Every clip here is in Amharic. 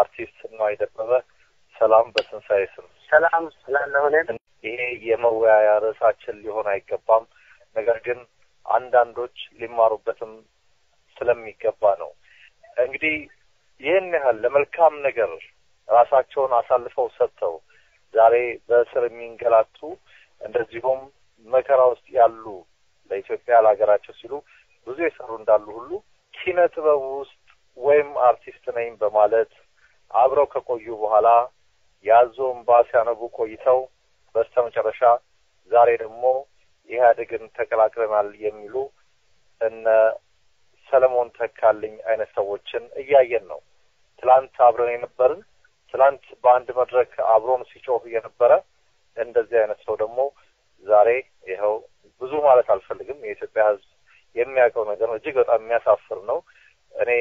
አርቲስት ነዋይ ደበበ ሰላም በስንሳኤ ስም ሰላም ስላለሁ ይሄ የመወያያ ርዕሳችን ሊሆን አይገባም። ነገር ግን አንዳንዶች ሊማሩበትም ስለሚገባ ነው። እንግዲህ ይህን ያህል ለመልካም ነገር ራሳቸውን አሳልፈው ሰጥተው ዛሬ በእስር የሚንገላቱ እንደዚሁም መከራ ውስጥ ያሉ ለኢትዮጵያ ለሀገራቸው ሲሉ ብዙ የሰሩ እንዳሉ ሁሉ ኪነ ጥበብ ውስጥ ወይም አርቲስት ነኝ በማለት አብረው ከቆዩ በኋላ ያዞ እምባ ሲያነቡ ቆይተው በስተ መጨረሻ ዛሬ ደግሞ ኢህአዴግን ተቀላቅለናል የሚሉ እነ ሰለሞን ተካልኝ አይነት ሰዎችን እያየን ነው። ትላንት አብረን የነበርን ትላንት በአንድ መድረክ አብሮን ሲጮህ የነበረ እንደዚህ አይነት ሰው ደግሞ ዛሬ ይኸው ብዙ ማለት አልፈልግም። የኢትዮጵያ ሕዝብ የሚያውቀው ነገር ነው። እጅግ በጣም የሚያሳፍር ነው። እኔ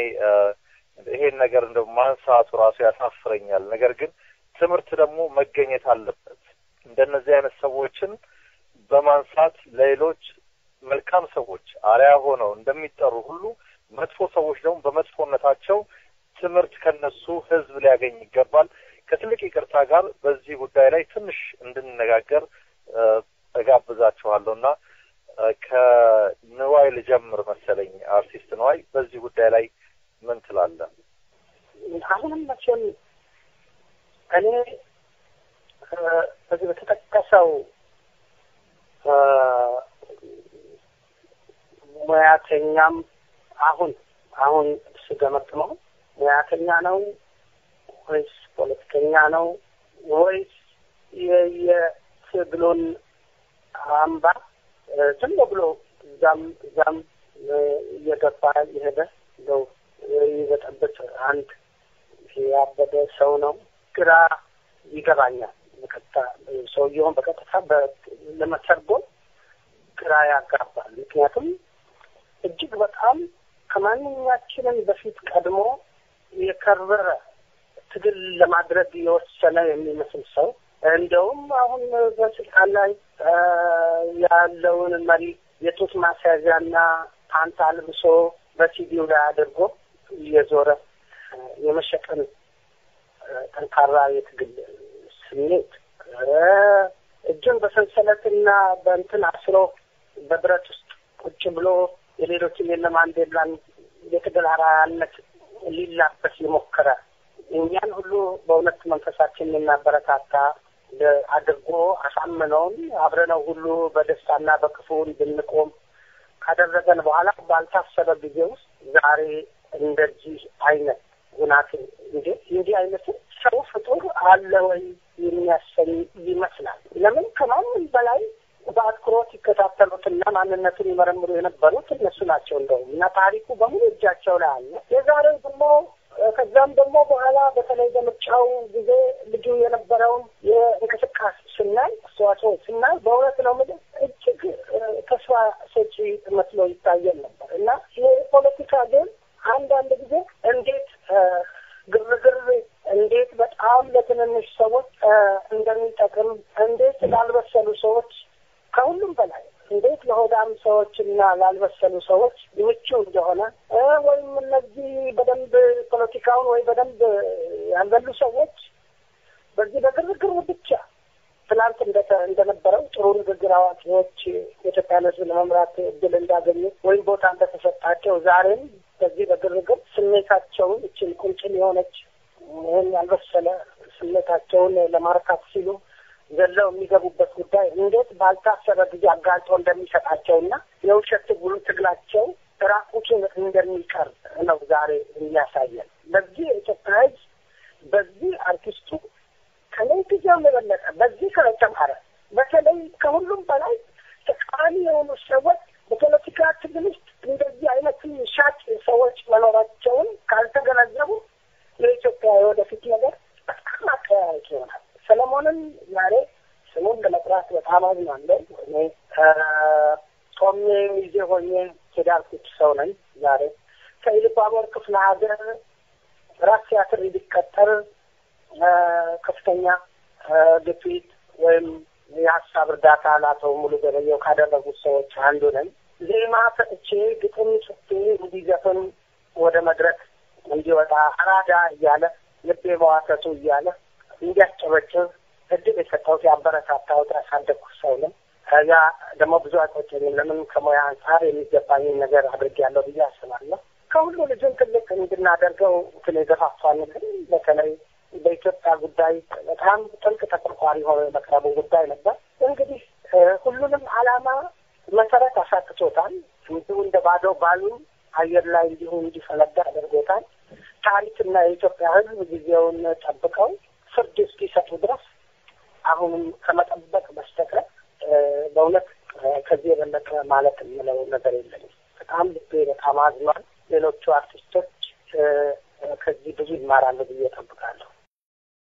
ይሄን ነገር እንደ ማንሳቱ ራሱ ያሳፍረኛል። ነገር ግን ትምህርት ደግሞ መገኘት አለበት። እንደነዚህ አይነት ሰዎችን በማንሳት ለሌሎች መልካም ሰዎች አሪያ ሆነው እንደሚጠሩ ሁሉ መጥፎ ሰዎች ደግሞ በመጥፎነታቸው ትምህርት ከነሱ ህዝብ ሊያገኝ ይገባል። ከትልቅ ይቅርታ ጋር በዚህ ጉዳይ ላይ ትንሽ እንድንነጋገር እጋብዛችኋለሁ እና ከንዋይ ልጀምር መሰለኝ። አርቲስት ንዋይ በዚህ ጉዳይ ላይ ምን ትላለ? አሁንም መቼም እኔ በዚህ በተጠቀሰው ሙያተኛም አሁን አሁን ስገመጥመው ሙያተኛ ነው ወይስ ፖለቲከኛ ነው ወይስ የየትግሉን አምባ ዝም ብሎ እዛም እዛም እየገባ የሄደ እንደው የሚበጠበት አንድ ያበደ ሰው ነው። ግራ ይገባኛል። በቀጥታ ሰውየውን በቀጥታ ለመተርጎም ግራ ያጋባል። ምክንያቱም እጅግ በጣም ከማንኛችንም በፊት ቀድሞ የከረረ ትግል ለማድረግ የወሰነ የሚመስል ሰው እንደውም አሁን በስልጣን ላይ ያለውን መሪ የጡት ማስያዣና ፓንት አልብሶ በሲዲው ላይ አድርጎ እየዞረ የመሸፈን ጠንካራ የትግል ስሜት እጁን በሰንሰለትና በእንትን አስሮ በብረት ውስጥ ቁጭ ብሎ የሌሎችን የለማንዴላን የትግል አርአያነት ሊላበስ የሞከረ እኛን ሁሉ በእውነት መንፈሳችን የናበረታታ አድርጎ አሳምነውን አብረነው ሁሉ በደስታና በክፉ እንድንቆም ካደረገን በኋላ ባልታሰበ ጊዜ ውስጥ ዛሬ እንደዚህ አይነት ጉናት እንዴ እንዲህ አይነትን ሰው ፍጡር አለ ወይ የሚያሰኝ ይመስላል። ለምን ከማንም በላይ በአትኩሮት ይከታተሉትና ማንነቱን ይመረምሩ የነበሩት እነሱ ናቸው። እንደውም እና ታሪኩ በሙሉ እጃቸው ላይ አለ። የዛሬው ደግሞ ከዛም ደግሞ በኋላ በተለይ በምርጫው ጊዜ ልጁ የነበረውን የእንቅስቃሴ ስናይ አስተዋጽኦ ስናይ በእውነት ነው ምድ እጅግ ተስፋ ሰጪ መስሎ ይታየል እንደሚጠቅም እንዴት ላልበሰሉ ሰዎች ከሁሉም በላይ እንዴት ለሆዳም ሰዎችና ላልበሰሉ ሰዎች ምቹ እንደሆነ ወይም እነዚህ በደንብ ፖለቲካውን ወይ በደንብ ያልበሉ ሰዎች በዚህ በግርግር ብቻ ትናንት እንደነበረው ጥሩ ንግግር አዋቂዎች የኢትዮጵያን ሕዝብ ለመምራት እድል እንዳገኙ ወይም ቦታ እንደተሰጣቸው ዛሬም በዚህ በግርግር ስሜታቸውን እችን ቁንጭን የሆነች ይህን ያልበሰለ ስሜታቸውን ለማርካት ሲሉ ዘለው የሚገቡበት ጉዳይ እንዴት ባልታሰበ ጊዜ አጋልጦ እንደሚሰጣቸውና የውሸት ጉሉ ትግላቸው ራቁቱን እንደሚቀር ነው ዛሬ የሚያሳየን። በዚህ የኢትዮጵያ ሕዝብ በዚህ አርቲስቱ ከመንጊዜውም የበለጠ በዚህ ከተማረ በተለይ ከሁሉም በላይ ጠቃሚ የሆኑ ሰዎች በፖለቲካ ትግል ውስጥ እንደዚህ አይነት ሻጭ ሰዎች መኖራቸውን ካልተገነዘቡ የኢትዮጵያ የወደፊት ነገር አሁንም ዛሬ ስሙን ለመጥራት በጣም አዝናለሁ። እኔ ከጦሜ ሚዜ ሆኜ ሄዳልኩት ሰው ነኝ። ዛሬ ከኢሉባቦር ክፍለ ሀገር ራስ ቲያትር እንዲቀጠር ከፍተኛ ግፊት ወይም የሀሳብ እርዳታ ላተው ሙሉ ገበየው ካደረጉት ሰዎች አንዱ ነኝ። ዜማ ሰጥቼ ግጥም ጽፌ እንዲዘፍን ወደ መድረክ እንዲወጣ አራዳ እያለ ልቤ መዋሰቱ እያለ እንዲያስጨበጭብ እድል የሰጠሁት ያበረታታሁት ያሳደግኩት ሰው ነው። ከዚያ ደግሞ ብዙ አይቆጨኝም። ለምን ከሙያ አንጻር የሚገባኝን ነገር አድርጌያለሁ ብዬ አስባለሁ። ከሁሉ ልጅን ትልቅ እንድናደርገው ትል የገፋፋን ግን በተለይ በኢትዮጵያ ጉዳይ በጣም ጥልቅ ተቆርቋሪ ሆኖ የመቅረቡ ጉዳይ ነበር። እንግዲህ ሁሉንም አላማ መሰረት አሳክቶታል። እንዲሁ እንደ ባዶ ባሉ አየር ላይ እንዲሁ እንዲፈነዳ አድርጎታል። ታሪክና የኢትዮጵያ ሕዝብ ጊዜውን ጠብቀው ፍርድ እስኪሰጡ ድረስ አሁንም ከመጠበቅ በስተቀር በእውነት ከዚህ የበለጠ ማለት የምለው ነገር የለም። በጣም ልቤ በጣም አዝኗል። ሌሎቹ አርቲስቶች ከዚህ ብዙ ይማራሉ ብዬ እጠብቃለሁ።